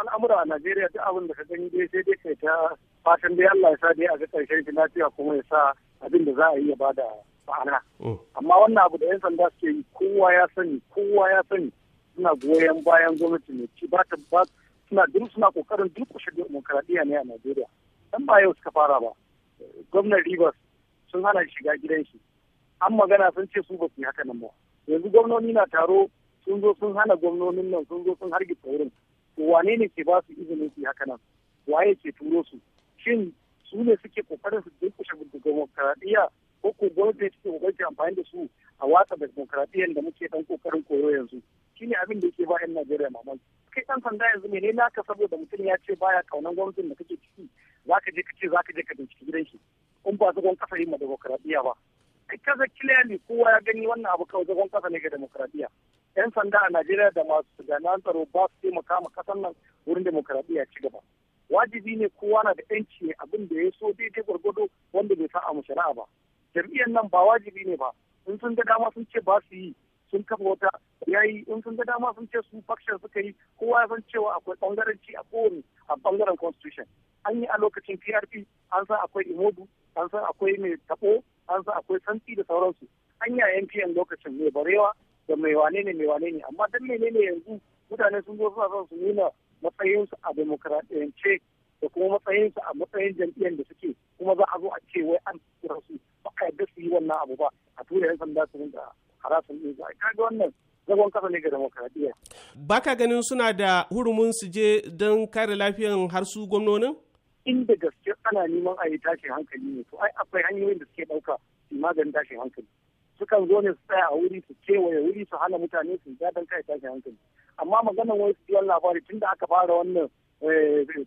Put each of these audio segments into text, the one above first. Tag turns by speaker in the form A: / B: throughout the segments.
A: al'amura a Najeriya duk abin da ka gani dai sai dai kai ta fatan dai Allah ya sa dai a ga ƙarshen shi lafiya kuma ya sa abin da za a yi ya bada ma'ana. Oh. Amma wannan abu da 'yan sanda suke yi kowa ya sani kowa ya sani suna goyon bayan gwamnati ne ci ba ta ba suna duk suna kokarin durƙushe demokaradiyya ne a Najeriya. Dan ba yau suka fara ba. Gwamnan Rivers sun hana shiga gidan shi. An magana sun ce su ba su yi haka nan ba. Yanzu gwamnoni na taro sun zo sun hana gwamnonin nan sun zo sun hargitsa wurin wane ne ke ba su izinin su haka nan waye ke turo su shin su ne suke kokarin su da dimokuraɗiyya ko ko gwamnati suke kokarin amfani da su a watsa dimokuraɗiyyar da muke dan kokarin koyo yanzu shine abin da yake ba 'yan Najeriya mamaki kai dan sanda yanzu ne ne naka saboda mutum ya ce baya kaunan gwamnatin da kake ciki zaka je kace zaka je ka binciki gidan shi in ba zagon kasa yin ma demokradiya ba kai kaza kiliyani kowa ya gani wannan abu kawai zagon kasa ne ga demokradiya 'yan sanda a Najeriya da masu jami'an tsaro ba su taimaka ma kasan nan wurin demokaradiyya ci gaba. Wajibi ne kowa na da 'yanci ne abin da ya so daidai gwargwado wanda bai sa mu shari'a ba. Jam'iyyar nan ba wajibi ne ba. In sun ga dama sun ce ba su yi sun kafa wata yayi in sun ga dama sun ce su faction suka yi kowa ya san cewa akwai bangaranci a kowane a bangaren constitution. An yi a lokacin PRP an san akwai Imodu an san akwai mai taɓo an san akwai santi da sauransu. An yi a NPN lokacin mai barewa da mai wane ne mai wane ne amma dan menene yanzu mutane sun zo suna son su nuna matsayinsu a demokradiyance da kuma matsayinsu a matsayin jam'iyyar da suke kuma za a zo a ce wai an tura su ba a yadda su yi wannan abu ba a tura yan sanda su rinka harasan ɗin su a kaga wannan zagon kasa ne ga demokradiyya.
B: ba ka ganin suna da hurumin su je don kare lafiyar har su gwamnonin? inda gaske ana neman a yi tashin hankali
A: ne to ai akwai hanyoyin da suke ɗauka su maganin tashin hankali. sukan zo ne su tsaya a wuri su kewaye wuri su hana mutane su ja don kai tashin hankali amma maganar wani su yan labari tunda aka fara wannan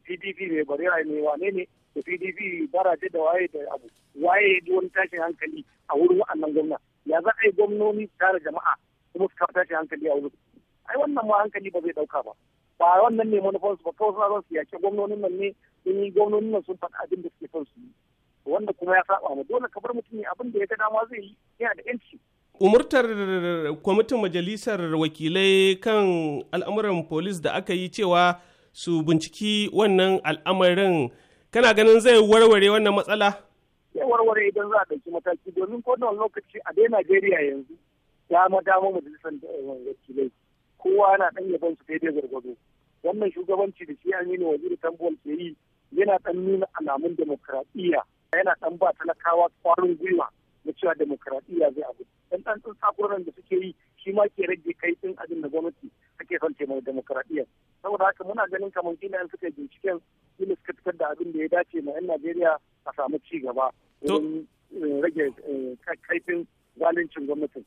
A: pdp eh, ne barira ne wane ne da pdp baraje da waye da abu waye ya wani tashin hankali a wurin wa'annan gwamna ya za a yi gwamnoni su tara jama'a kuma su kafa tashin hankali a wurin ai wannan ma hankali ba zai dauka ba ba wannan ne su ba kawai suna son su yake gwamnonin nan ne sun yi gwamnonin nan sun faɗi abin da suke son su yi wanda kuma ya saba mu dole ka bar mutum ne abin da ya ga dama zai yi yana da yan
B: umurtar kwamitin majalisar wakilai kan al'amuran polis da aka yi cewa su binciki wannan al'amarin kana ganin zai warware wannan matsala?
A: zai warware idan za a ɗauki mataki domin ko da lokaci a dai najeriya yanzu dama dama majalisar eh, wakilai kowa yana ɗan yaban su daidai gwargwado wannan shugabanci da shi aminu waziri tambuwal ke yi yana ɗan nuna alamun demokradiyya yana ɗan ba talakawa kwarin gwiwa na cewa demokradiyya zai abu kan ɗin da suke yi shi ma ke rage kaifin ajin abin da gwamnati ake son mai demokaradiyya saboda haka muna ganin kamar kila yan suka binciken kila suka fitar da abin da ya dace ma yan najeriya a samu ci gaba don eh, rage eh, kaifin zalincin gwamnatin